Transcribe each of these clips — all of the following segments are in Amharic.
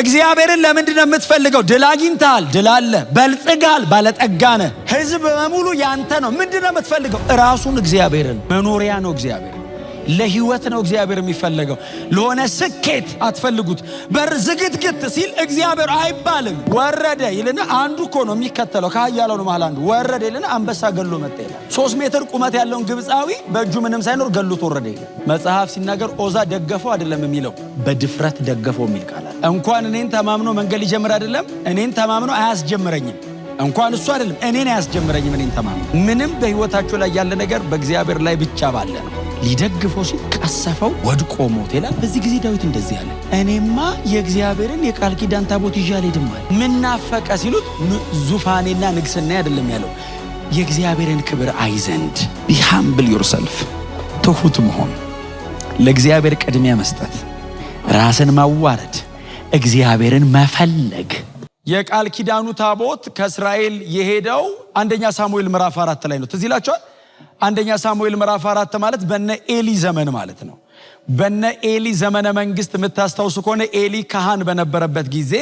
እግዚአብሔርን ለምንድን ነው የምትፈልገው? ድል አግኝተሃል፣ ድል አለ፣ በልጽጋል፣ ባለጠጋነ ህዝብ በሙሉ ያንተ ነው። ምንድን ነው የምትፈልገው? እራሱን እግዚአብሔርን መኖሪያ ነው። እግዚአብሔር ለህይወት ነው እግዚአብሔር የሚፈለገው። ለሆነ ስኬት አትፈልጉት። በር ዝግትግት ሲል እግዚአብሔር አይባልም። ወረደ ይልና አንዱ እኮ ነው የሚከተለው፣ ከኃያላኑ መሃል አንዱ ወረደ ይልና አንበሳ ገሎ መጣ ይላል። ሶስት ሜትር ቁመት ያለውን ግብፃዊ በእጁ ምንም ሳይኖር ገሎት ወረደ ይላል መጽሐፍ ሲናገር። ኦዛ ደገፈው አይደለም የሚለው በድፍረት ደገፈው የሚል እንኳን እኔን ተማምኖ መንገድ ሊጀምር አይደለም እኔን ተማምኖ አያስጀምረኝም። እንኳን እሱ አይደለም እኔን አያስጀምረኝም። እኔን ተማምኖ ምንም በህይወታችሁ ላይ ያለ ነገር በእግዚአብሔር ላይ ብቻ ባለ ነው። ሊደግፈው ሲል ቀሰፈው፣ ወድቆ ሞት ይላል። በዚህ ጊዜ ዳዊት እንደዚህ አለ፣ እኔማ የእግዚአብሔርን የቃል ኪዳን ታቦት ይዤ አልሄድም አለ። ምናፈቀ ሲሉት ዙፋኔና ንግስና አይደለም ያለው የእግዚአብሔርን ክብር አይ ዘንድ ቢሃምብል ዩርሰልፍ ትሑት መሆን፣ ለእግዚአብሔር ቅድሚያ መስጠት፣ ራስን ማዋረድ እግዚአብሔርን መፈለግ የቃል ኪዳኑ ታቦት ከእስራኤል የሄደው አንደኛ ሳሙኤል ምዕራፍ አራት ላይ ነው። ትዝ አንደኛ ሳሙኤል ምዕራፍ አራት ማለት በነ ኤሊ ዘመን ማለት ነው። በነ ኤሊ ዘመነ መንግስት የምታስታውሱ ከሆነ ኤሊ ካህን በነበረበት ጊዜ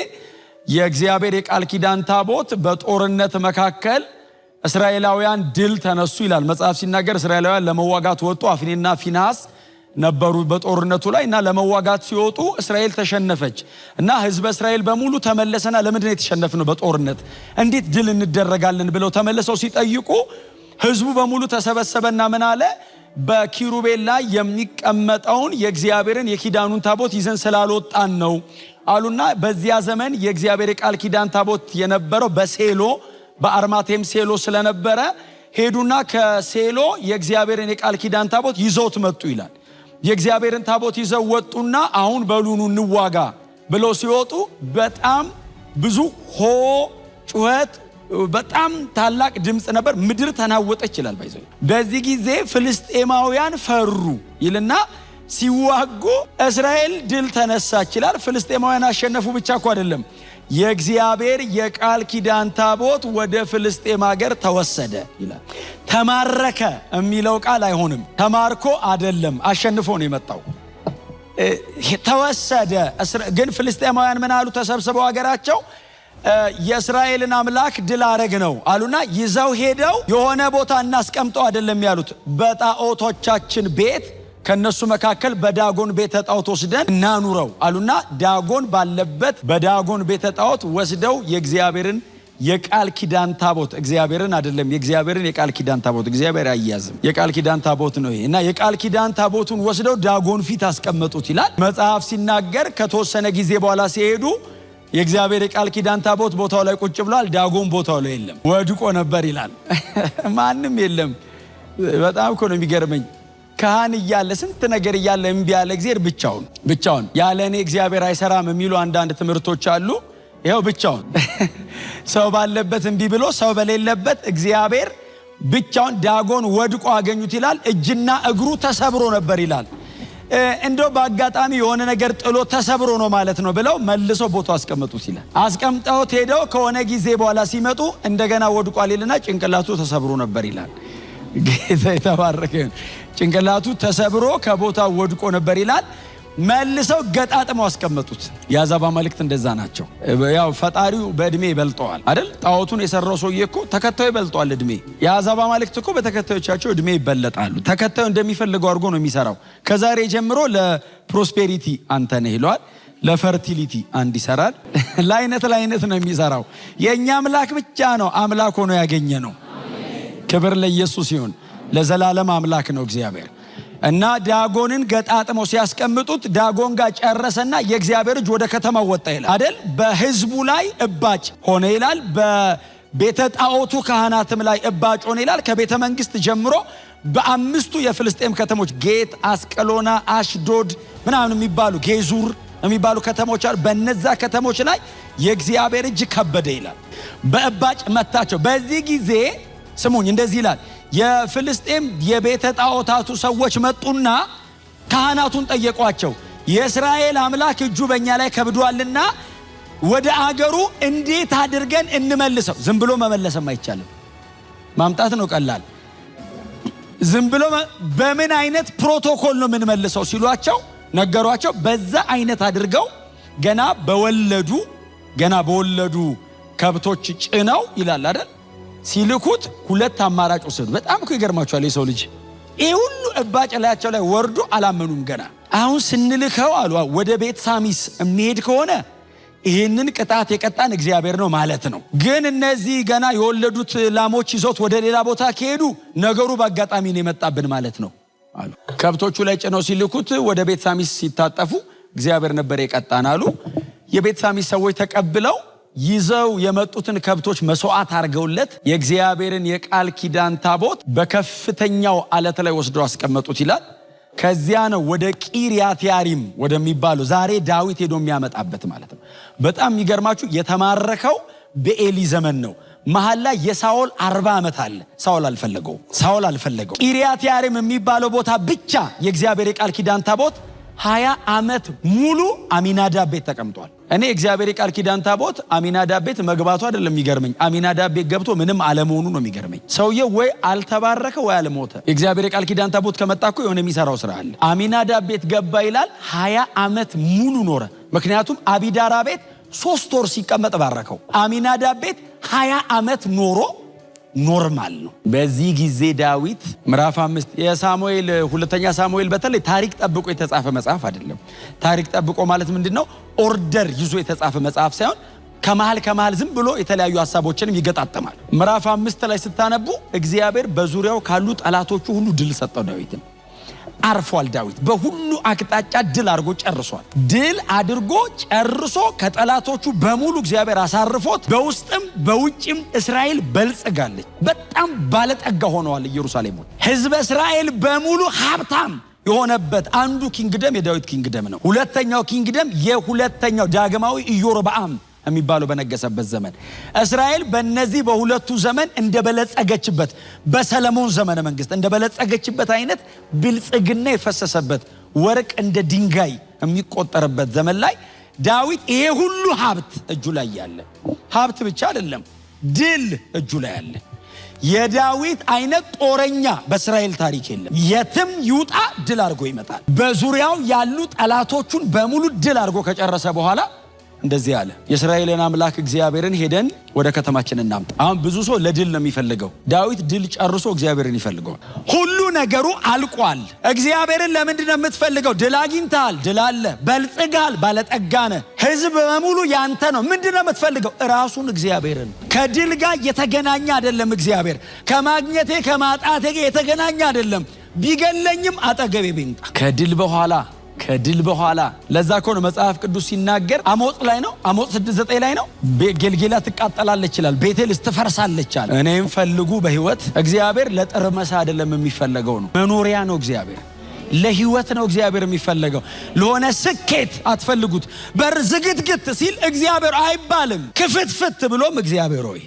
የእግዚአብሔር የቃል ኪዳን ታቦት በጦርነት መካከል እስራኤላውያን ድል ተነሱ ይላል መጽሐፍ ሲናገር። እስራኤላውያን ለመዋጋት ወጡ። አፍኔና ፊንሃስ ነበሩ በጦርነቱ ላይ እና ለመዋጋት ሲወጡ እስራኤል ተሸነፈች እና ህዝበ እስራኤል በሙሉ ተመለሰና ለምንድን ነው በጦርነት እንዴት ድል እንደረጋለን ብለው ተመልሰው ሲጠይቁ ህዝቡ በሙሉ ተሰበሰበና ምን አለ በኪሩቤል ላይ የሚቀመጠውን የእግዚአብሔርን የኪዳኑን ታቦት ይዘን ስላልወጣን ነው አሉና በዚያ ዘመን የእግዚአብሔር የቃል ኪዳን ታቦት የነበረው በሴሎ በአርማቴም ሴሎ ስለነበረ ሄዱና ከሴሎ የእግዚአብሔርን የቃል ኪዳን ታቦት ይዘውት መጡ ይላል የእግዚአብሔርን ታቦት ይዘው ወጡና አሁን በሉኑ እንዋጋ ብሎ ሲወጡ በጣም ብዙ ሆ ጩኸት፣ በጣም ታላቅ ድምፅ ነበር። ምድር ተናወጠች ይላል። ባይዘ በዚህ ጊዜ ፍልስጤማውያን ፈሩ ይልና ሲዋጉ እስራኤል ድል ተነሳች ይላል። ፍልስጤማውያን አሸነፉ ብቻ እኮ አይደለም። የእግዚአብሔር የቃል ኪዳን ታቦት ወደ ፍልስጤም ሀገር ተወሰደ ይላል። ተማረከ የሚለው ቃል አይሆንም። ተማርኮ አደለም፣ አሸንፎ ነው የመጣው። ተወሰደ። ግን ፍልስጤማውያን ምን አሉ? ተሰብስበው ሀገራቸው የእስራኤልን አምላክ ድል አረግ ነው አሉና ይዘው ሄደው የሆነ ቦታ እናስቀምጠው አደለም ያሉት፣ በጣዖቶቻችን ቤት ከነሱ መካከል በዳጎን ቤተ ጣዖት ወስደን እናኑረው አሉና ዳጎን ባለበት በዳጎን ቤተ ጣዖት ወስደው የእግዚአብሔርን የቃል ኪዳን ታቦት እግዚአብሔርን አይደለም፣ የእግዚአብሔርን የቃል ኪዳን ታቦት እግዚአብሔር አያዝም። የቃል ኪዳን ታቦት ነው ይሄ እና የቃል ኪዳን ታቦቱን ወስደው ዳጎን ፊት አስቀመጡት ይላል መጽሐፍ ሲናገር። ከተወሰነ ጊዜ በኋላ ሲሄዱ የእግዚአብሔር የቃል ኪዳን ታቦት ቦታው ላይ ቁጭ ብሏል። ዳጎን ቦታው ላይ የለም፣ ወድቆ ነበር ይላል። ማንም የለም። በጣም እኮ ነው የሚገርመኝ። ካህን እያለ ስንት ነገር እያለ እምቢ ያለ እግዚአብሔር ብቻውን ብቻውን ያለ እኔ እግዚአብሔር አይሰራም የሚሉ አንዳንድ ትምህርቶች አሉ። ይኸው ብቻውን ሰው ባለበት እምቢ ብሎ ሰው በሌለበት እግዚአብሔር ብቻውን ዳጎን ወድቆ አገኙት ይላል። እጅና እግሩ ተሰብሮ ነበር ይላል። እንደው በአጋጣሚ የሆነ ነገር ጥሎ ተሰብሮ ነው ማለት ነው ብለው መልሶ ቦታው አስቀመጡት ይላል። አስቀምጠውት ሄደው ከሆነ ጊዜ በኋላ ሲመጡ እንደገና ወድቋል ይልና ጭንቅላቱ ተሰብሮ ነበር ይላል። ጌታ የተባረከ ጭንቅላቱ ተሰብሮ ከቦታው ወድቆ ነበር ይላል። መልሰው ገጣጥመው አስቀመጡት። የአዛባ አማልክት እንደዛ ናቸው። ያው ፈጣሪው በእድሜ ይበልጠዋል አይደል? ጣዖቱን የሰራው ሰውዬ እኮ ተከታዩ ይበልጠዋል እድሜ። የአዛባ አማልክት እኮ በተከታዮቻቸው እድሜ ይበለጣሉ። ተከታዩ እንደሚፈልገው አድርጎ ነው የሚሰራው። ከዛሬ ጀምሮ ለፕሮስፔሪቲ አንተ ነህ ይለዋል። ለፈርቲሊቲ አንድ ይሰራል። ለአይነት ለአይነት ነው የሚሰራው። የእኛ አምላክ ብቻ ነው አምላክ ሆኖ ያገኘ ነው። ክብር ለኢየሱስ ይሁን። ለዘላለም አምላክ ነው እግዚአብሔር። እና ዳጎንን ገጣጥሞ ሲያስቀምጡት ዳጎን ጋር ጨረሰና የእግዚአብሔር እጅ ወደ ከተማው ወጣ ይላል አደል። በህዝቡ ላይ እባጭ ሆነ ይላል። በቤተ ጣዖቱ ካህናትም ላይ እባጭ ሆነ ይላል። ከቤተ መንግስት ጀምሮ በአምስቱ የፍልስጤም ከተሞች ጌት፣ አስቀሎና፣ አሽዶድ ምናምን የሚባሉ ጌዙር የሚባሉ ከተሞች አሉ። በነዛ ከተሞች ላይ የእግዚአብሔር እጅ ከበደ ይላል። በእባጭ መታቸው። በዚህ ጊዜ ስሙኝ፣ እንደዚህ ይላል የፍልስጤም የቤተ ጣዖታቱ ሰዎች መጡና ካህናቱን ጠየቋቸው። የእስራኤል አምላክ እጁ በእኛ ላይ ከብዷልና ወደ አገሩ እንዴት አድርገን እንመልሰው? ዝም ብሎ መመለሰም አይቻልም። ማምጣት ነው ቀላል። ዝም ብሎ በምን አይነት ፕሮቶኮል ነው የምንመልሰው ሲሏቸው ነገሯቸው። በዛ አይነት አድርገው ገና በወለዱ ገና በወለዱ ከብቶች ጭነው ይላል አይደል ሲልኩት ሁለት አማራጭ ወሰዱ። በጣም እኮ ይገርማችኋል የሰው ልጅ ይህ ሁሉ እባጭ ላያቸው ላይ ወርዶ አላመኑም ገና። አሁን ስንልከው አሉ ወደ ቤት ሳሚስ የሚሄድ ከሆነ ይህንን ቅጣት የቀጣን እግዚአብሔር ነው ማለት ነው። ግን እነዚህ ገና የወለዱት ላሞች ይዞት ወደ ሌላ ቦታ ከሄዱ ነገሩ በአጋጣሚ ነው የመጣብን ማለት ነው አሉ። ከብቶቹ ላይ ጭነው ሲልኩት ወደ ቤት ሳሚስ ሲታጠፉ እግዚአብሔር ነበር የቀጣን አሉ። የቤት ሳሚስ ሰዎች ተቀብለው ይዘው የመጡትን ከብቶች መስዋዕት አድርገውለት የእግዚአብሔርን የቃል ኪዳን ታቦት በከፍተኛው አለት ላይ ወስደው አስቀመጡት ይላል። ከዚያ ነው ወደ ቂርያትያሪም ያሪም ወደሚባለው ዛሬ ዳዊት ሄዶ የሚያመጣበት ማለት ነው። በጣም የሚገርማችሁ የተማረከው በኤሊ ዘመን ነው። መሀል ላይ የሳኦል አርባ ዓመት አለ። ሳኦል አልፈለገው ሳኦል አልፈለገው። ቂርያትያሪም የሚባለው ቦታ ብቻ የእግዚአብሔር የቃል ኪዳን ታቦት ሀያ ዓመት ሙሉ አሚናዳብ ቤት ተቀምጧል። እኔ እግዚአብሔር የቃል ኪዳን ታቦት አሚናዳብ ቤት መግባቱ አይደለም የሚገርመኝ፣ አሚናዳ ቤት ገብቶ ምንም አለመሆኑ ነው የሚገርመኝ። ሰውየው ወይ አልተባረከ ወይ አልሞተ። የእግዚአብሔር የቃል ኪዳን ታቦት ከመጣ እኮ የሆነ የሚሰራው ስራ አለ። አሚናዳ ቤት ገባ ይላል፣ ሀያ ዓመት ሙሉ ኖረ። ምክንያቱም አቢዳራ ቤት ሶስት ወር ሲቀመጥ ባረከው። አሚናዳ ቤት ሀያ ዓመት ኖሮ ኖርማል ነው። በዚህ ጊዜ ዳዊት ምዕራፍ አምስት የሳሙኤል ሁለተኛ ሳሙኤል በተለይ ታሪክ ጠብቆ የተጻፈ መጽሐፍ አይደለም። ታሪክ ጠብቆ ማለት ምንድን ነው? ኦርደር ይዞ የተጻፈ መጽሐፍ ሳይሆን ከመሃል ከመሃል ዝም ብሎ የተለያዩ ሀሳቦችንም ይገጣጠማል። ምዕራፍ አምስት ላይ ስታነቡ እግዚአብሔር በዙሪያው ካሉ ጠላቶቹ ሁሉ ድል ሰጠው ዳዊትን አርፏል። ዳዊት በሁሉ አቅጣጫ ድል አድርጎ ጨርሷል። ድል አድርጎ ጨርሶ ከጠላቶቹ በሙሉ እግዚአብሔር አሳርፎት በውስጥም በውጭም እስራኤል በልጽጋለች። በጣም ባለጠጋ ሆነዋል። ኢየሩሳሌሞች ሕዝበ እስራኤል በሙሉ ሀብታም የሆነበት አንዱ ኪንግደም የዳዊት ኪንግደም ነው። ሁለተኛው ኪንግደም የሁለተኛው ዳግማዊ ኢዮርብዓም የሚባለው በነገሰበት ዘመን እስራኤል በነዚህ በሁለቱ ዘመን እንደበለጸገችበት በሰለሞን ዘመነ መንግስት እንደበለጸገችበት አይነት ብልጽግና የፈሰሰበት ወርቅ እንደ ድንጋይ የሚቆጠርበት ዘመን ላይ ዳዊት ይሄ ሁሉ ሀብት እጁ ላይ ያለ ሀብት ብቻ አይደለም፣ ድል እጁ ላይ ያለ የዳዊት አይነት ጦረኛ በእስራኤል ታሪክ የለም። የትም ይውጣ ድል አድርጎ ይመጣል። በዙሪያው ያሉ ጠላቶቹን በሙሉ ድል አድርጎ ከጨረሰ በኋላ እንደዚህ አለ፣ የእስራኤልን አምላክ እግዚአብሔርን ሄደን ወደ ከተማችን እናምጣ። አሁን ብዙ ሰው ለድል ነው የሚፈልገው። ዳዊት ድል ጨርሶ እግዚአብሔርን ይፈልገዋል። ሁሉ ነገሩ አልቋል። እግዚአብሔርን ለምንድን ነው የምትፈልገው? ድል አግኝተሃል፣ ድል አለ፣ በልጽጋል፣ ባለጠጋነ ህዝብ በሙሉ ያንተ ነው። ምንድን ነው የምትፈልገው? ራሱን እግዚአብሔርን። ከድል ጋር የተገናኘ አይደለም። እግዚአብሔር ከማግኘቴ ከማጣቴ የተገናኘ አይደለም። ቢገለኝም አጠገቤ ቢምጣ ከድል በኋላ ከድል በኋላ ለዛ ከሆነ መጽሐፍ ቅዱስ ሲናገር አሞጽ ላይ ነው አሞጽ 6፥9 ላይ ነው ጌልጌላ ትቃጠላለች ይላል ቤቴል ስትፈርሳለች አለ እኔም ፈልጉ በህይወት እግዚአብሔር ለጠርመሳ አይደለም የሚፈለገው ነው መኖሪያ ነው እግዚአብሔር ለህይወት ነው እግዚአብሔር የሚፈለገው ለሆነ ስኬት አትፈልጉት በር ዝግትግት ሲል እግዚአብሔር አይባልም ክፍትፍት ብሎም እግዚአብሔር ሆይ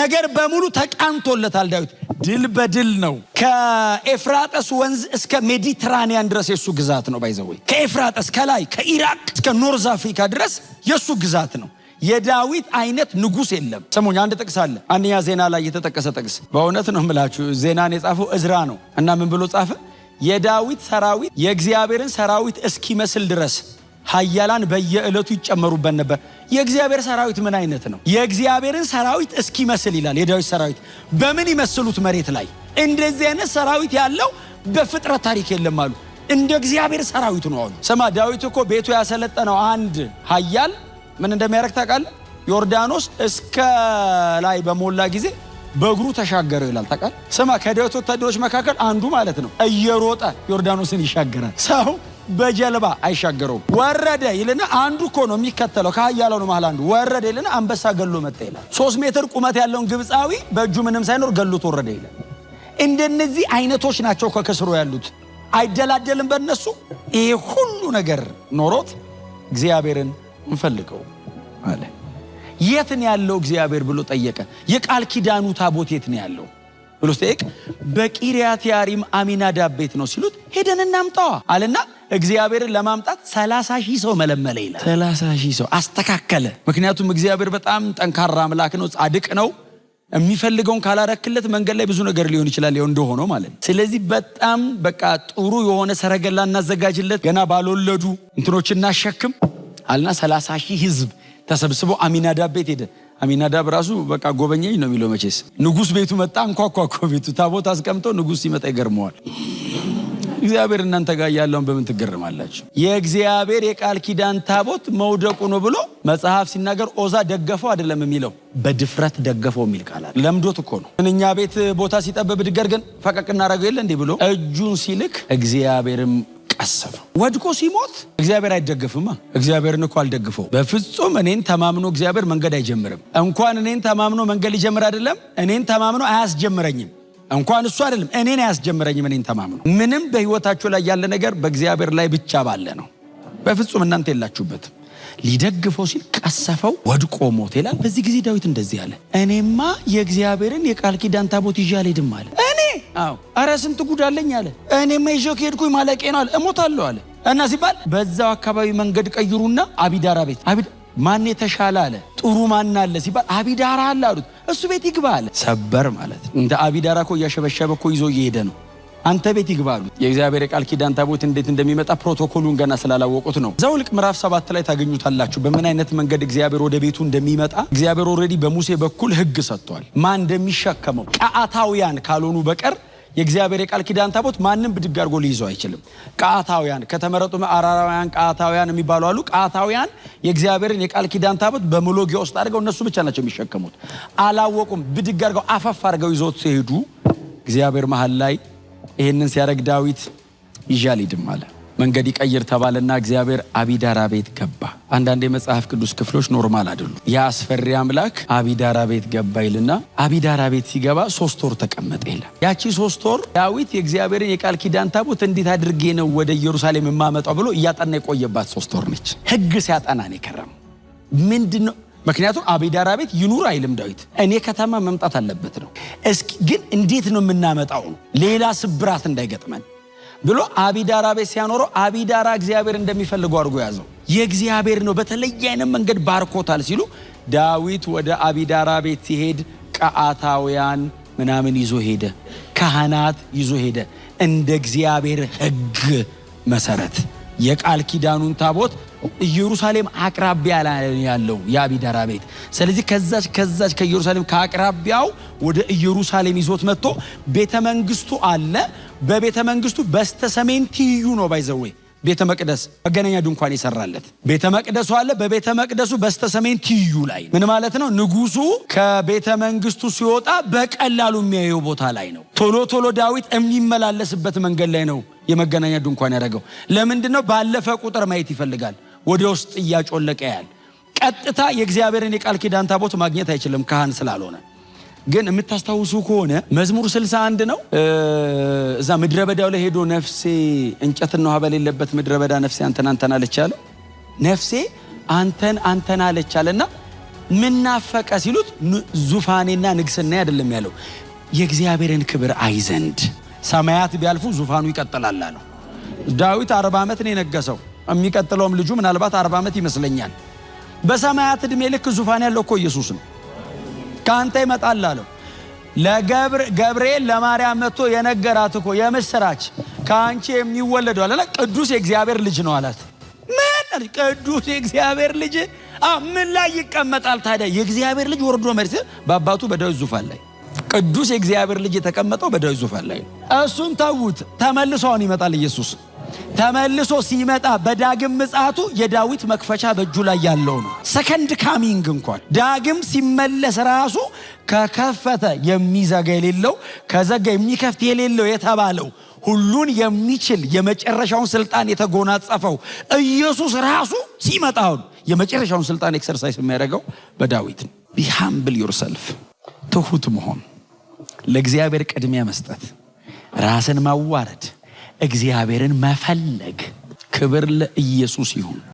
ነገር በሙሉ ተቃንቶለታል ዳዊት ድል በድል ነው። ከኤፍራጠስ ወንዝ እስከ ሜዲትራኒያን ድረስ የእሱ ግዛት ነው። ባይዘወይ ከኤፍራጠስ ከላይ ከኢራቅ እስከ ኖርዝ አፍሪካ ድረስ የእሱ ግዛት ነው። የዳዊት አይነት ንጉስ የለም። ሰሞኝ አንድ ጥቅስ አለ፣ አንደኛ ዜና ላይ የተጠቀሰ ጥቅስ። በእውነት ነው ምላችሁ፣ ዜናን የጻፈው እዝራ ነው እና ምን ብሎ ጻፈ? የዳዊት ሰራዊት የእግዚአብሔርን ሰራዊት እስኪመስል ድረስ ኃያላን በየዕለቱ ይጨመሩበት ነበር። የእግዚአብሔር ሰራዊት ምን አይነት ነው? የእግዚአብሔርን ሰራዊት እስኪመስል ይላል። የዳዊት ሰራዊት በምን ይመስሉት? መሬት ላይ እንደዚህ አይነት ሰራዊት ያለው በፍጥረት ታሪክ የለም አሉ። እንደ እግዚአብሔር ሰራዊት ነው አሉ። ስማ ዳዊት እኮ ቤቱ ያሰለጠነው አንድ ኃያል ምን እንደሚያደርግ ታውቃለህ? ዮርዳኖስ እስከ ላይ በሞላ ጊዜ በእግሩ ተሻገረ ይላል። ታውቃለህ? ስማ ከዳዊት ወታደሮች መካከል አንዱ ማለት ነው እየሮጠ ዮርዳኖስን ይሻገራል ሰው በጀልባ አይሻገረውም። ወረደ ይልና አንዱ እኮ ነው የሚከተለው ከኃያላኑ መሃል አንዱ ወረደ ይልና አንበሳ ገሎ መጣ ይላል። ሶስት ሜትር ቁመት ያለውን ግብፃዊ በእጁ ምንም ሳይኖር ገሎት ወረደ ይላል። እንደነዚህ አይነቶች ናቸው ከከስሮ ያሉት። አይደላደልም በእነሱ ይሄ ሁሉ ነገር ኖሮት እግዚአብሔርን እንፈልገው አለ። የት ነው ያለው እግዚአብሔር ብሎ ጠየቀ። የቃል ኪዳኑ ታቦት የት ነው ያለው? ብሎ ሲጠይቅ በቂርያት ያሪም አሚናዳብ ቤት ነው ሲሉት ሄደን እናምጣዋ አለና እግዚአብሔርን ለማምጣት ሰላሳ ሺህ ሰው መለመለ ይላል። ሰላሳ ሺህ ሰው አስተካከለ። ምክንያቱም እግዚአብሔር በጣም ጠንካራ አምላክ ነው፣ ጻድቅ ነው። የሚፈልገውን ካላረክለት መንገድ ላይ ብዙ ነገር ሊሆን ይችላል፣ ያው እንደሆነ ማለት ነው። ስለዚህ በጣም በቃ ጥሩ የሆነ ሰረገላ እናዘጋጅለት፣ ገና ባልወለዱ እንትኖች እናሸክም አለና ሰላሳ ሺህ ህዝብ ተሰብስቦ አሚናዳብ ቤት ሄደ። አሚናዳብ ራሱ በቃ ጎበኘኝ ነው የሚለው። መቼስ ንጉስ ቤቱ መጣ እንኳኳኮ ቤቱ ታቦት አስቀምጦ ንጉስ ሲመጣ ይገርመዋል። እግዚአብሔር እናንተ ጋር ያለውን በምን ትገርማላችሁ? የእግዚአብሔር የቃል ኪዳን ታቦት መውደቁ ነው ብሎ መጽሐፍ ሲናገር ኦዛ ደገፈው አይደለም የሚለው በድፍረት ደገፈው የሚል ቃል አለ። ለምዶት እኮ ነው። እኛ ቤት ቦታ ሲጠበብ ድገር ግን ፈቀቅ እናደረገው የለ እንዲህ ብሎ እጁን ሲልክ እግዚአብሔርም ቀሰፍ ወድቆ ሲሞት እግዚአብሔር አይደግፍማ። እግዚአብሔርን እኮ አልደግፈው በፍጹም። እኔን ተማምኖ እግዚአብሔር መንገድ አይጀምርም። እንኳን እኔን ተማምኖ መንገድ ሊጀምር አይደለም፣ እኔን ተማምኖ አያስጀምረኝም። እንኳን እሱ አይደለም እኔን አያስጀምረኝም። እኔን ተማምኖ ምንም በህይወታችሁ ላይ ያለ ነገር በእግዚአብሔር ላይ ብቻ ባለ ነው። በፍጹም እናንተ የላችሁበትም። ሊደግፈው ሲል ቀሰፈው፣ ወድቆ ሞት ይላል። በዚህ ጊዜ ዳዊት እንደዚህ አለ፣ እኔማ የእግዚአብሔርን የቃል ኪዳን ታቦት ይዤ አልሄድም አለ። አዎ አረ ስንት ጉድ አለኝ አለ። እኔማ ይዤው ከሄድኩኝ ማለቄ ነው አለ፣ እሞታለሁ አለ። እና ሲባል በዛው አካባቢ መንገድ ቀይሩና አቢዳራ ቤት ማን የተሻለ አለ ጥሩ ማን አለ ሲባል አቢዳራ አለ አሉት። እሱ ቤት ይግባ አለ። ሰበር ማለት እንደ አቢዳራ እኮ እያሸበሸበ እኮ ይዞ እየሄደ ነው። አንተ ቤት ይግባ አሉት። የእግዚአብሔር የቃል ኪዳን ታቦት እንዴት እንደሚመጣ ፕሮቶኮሉን ገና ስላላወቁት ነው። ዘኍልቍ ምዕራፍ ሰባት ላይ ታገኙታላችሁ፣ በምን አይነት መንገድ እግዚአብሔር ወደ ቤቱ እንደሚመጣ። እግዚአብሔር ኦልሬዲ በሙሴ በኩል ህግ ሰጥቷል፣ ማን እንደሚሸከመው ቀዓታውያን ካልሆኑ በቀር የእግዚአብሔር የቃል ኪዳን ታቦት ማንም ብድግ አድርጎ ሊይዘው አይችልም። ቃታውያን ከተመረጡ አራራውያን ቃታውያን የሚባሉ አሉ። ቃታውያን የእግዚአብሔርን የቃል ኪዳን ታቦት በሞሎጊያ ውስጥ አድርገው እነሱ ብቻ ናቸው የሚሸከሙት። አላወቁም። ብድግ አድርገው አፈፍ አድርገው ይዘውት ሲሄዱ እግዚአብሔር መሀል ላይ ይህንን ሲያደርግ ዳዊት ይዣል ይድም አለ። መንገድ ይቀይር ተባለና እግዚአብሔር አቢዳራ ቤት ገባ። አንዳንድ የመጽሐፍ ቅዱስ ክፍሎች ኖርማል አይደሉም። የአስፈሪ አምላክ አቢዳራ ቤት ገባ ይልና አቢዳራ ቤት ሲገባ ሶስት ወር ተቀመጠ ይላል። ያቺ ሶስት ወር ዳዊት የእግዚአብሔርን የቃል ኪዳን ታቦት እንዴት አድርጌ ነው ወደ ኢየሩሳሌም የማመጣው ብሎ እያጠና የቆየባት ሶስት ወር ነች። ህግ ሲያጠና ነው የከረም ምንድነው ምክንያቱም አቢዳራ ቤት ይኑር አይልም ዳዊት። እኔ ከተማ መምጣት አለበት ነው። እስኪ ግን እንዴት ነው የምናመጣው? ሌላ ስብራት እንዳይገጥመን ብሎ አቢዳራ ቤት ሲያኖረው አቢዳራ እግዚአብሔር እንደሚፈልገው አድርጎ ያዘው። የእግዚአብሔር ነው በተለየ አይነት መንገድ ባርኮታል ሲሉ ዳዊት ወደ አቢዳራ ቤት ሲሄድ ቀአታውያን ምናምን ይዞ ሄደ፣ ካህናት ይዞ ሄደ። እንደ እግዚአብሔር ሕግ መሰረት የቃል ኪዳኑን ታቦት ኢየሩሳሌም አቅራቢያ ላይ ያለው የአቢዳራ ቤት። ስለዚህ ከዛች ከዛች ከኢየሩሳሌም ከአቅራቢያው ወደ ኢየሩሳሌም ይዞት መጥቶ ቤተ መንግስቱ አለ። በቤተ መንግስቱ በስተ ሰሜን ትይዩ ነው ባይዘዌ ቤተ መቅደስ መገናኛ ድንኳን ይሰራለት ቤተ መቅደሱ አለ። በቤተ መቅደሱ በስተ ሰሜን ትይዩ ላይ ምን ማለት ነው? ንጉሱ ከቤተ መንግስቱ ሲወጣ በቀላሉ የሚያየው ቦታ ላይ ነው። ቶሎ ቶሎ ዳዊት የሚመላለስበት መንገድ ላይ ነው የመገናኛ ድንኳን ያደረገው። ለምንድን ነው? ባለፈ ቁጥር ማየት ይፈልጋል። ወደ ውስጥ እያጮለቀ ያል። ቀጥታ የእግዚአብሔርን የቃል ኪዳን ታቦት ማግኘት አይችልም ካህን ስላልሆነ። ግን የምታስታውሱ ከሆነ መዝሙር 61 ነው። እዛ ምድረ በዳው ላይ ሄዶ ነፍሴ እንጨትና ውሃ በሌለበት ምድረ በዳ ነፍሴ አንተን አንተን አለች አለ። ነፍሴ አንተን አንተን አለች አለና ምናፈቀ ሲሉት ዙፋኔና ንግስና አይደለም ያለው የእግዚአብሔርን ክብር አይዘንድ ሰማያት ቢያልፉ ዙፋኑ ይቀጥላል አለው። ዳዊት አርባ ዓመት ነው የነገሰው። የሚቀጥለውም ልጁ ምናልባት አርባ ዓመት ይመስለኛል። በሰማያት ዕድሜ ልክ ዙፋን ያለው እኮ ኢየሱስ ነው። ከአንተ ይመጣል አለው። ለገብርኤል ለማርያም መጥቶ የነገራት እኮ የምስራች ከአንቺ የሚወለደው አለ ቅዱስ የእግዚአብሔር ልጅ ነው አላት። ምን ቅዱስ የእግዚአብሔር ልጅ ምን ላይ ይቀመጣል ታዲያ? የእግዚአብሔር ልጅ ወርዶ መሬት በአባቱ በዳዊት ዙፋን ላይ ቅዱስ የእግዚአብሔር ልጅ የተቀመጠው በዳዊት ዙፋን ላይ እሱን ተዉት። ተመልሶ አሁን ይመጣል ኢየሱስ ተመልሶ ሲመጣ በዳግም ምጽአቱ የዳዊት መክፈቻ በእጁ ላይ ያለው ነው። ሰከንድ ካሚንግ እንኳን ዳግም ሲመለስ ራሱ ከከፈተ የሚዘጋ የሌለው ከዘጋ የሚከፍት የሌለው የተባለው ሁሉን የሚችል የመጨረሻውን ስልጣን የተጎናጸፈው ኢየሱስ ራሱ ሲመጣ አሁን የመጨረሻውን ስልጣን ኤክሰርሳይስ የሚያደርገው በዳዊት ነው። ቢሃምብል ዩርሰልፍ ትሁት መሆን፣ ለእግዚአብሔር ቅድሚያ መስጠት፣ ራስን ማዋረድ እግዚአብሔርን መፈለግ። ክብር ለኢየሱስ ይሁን።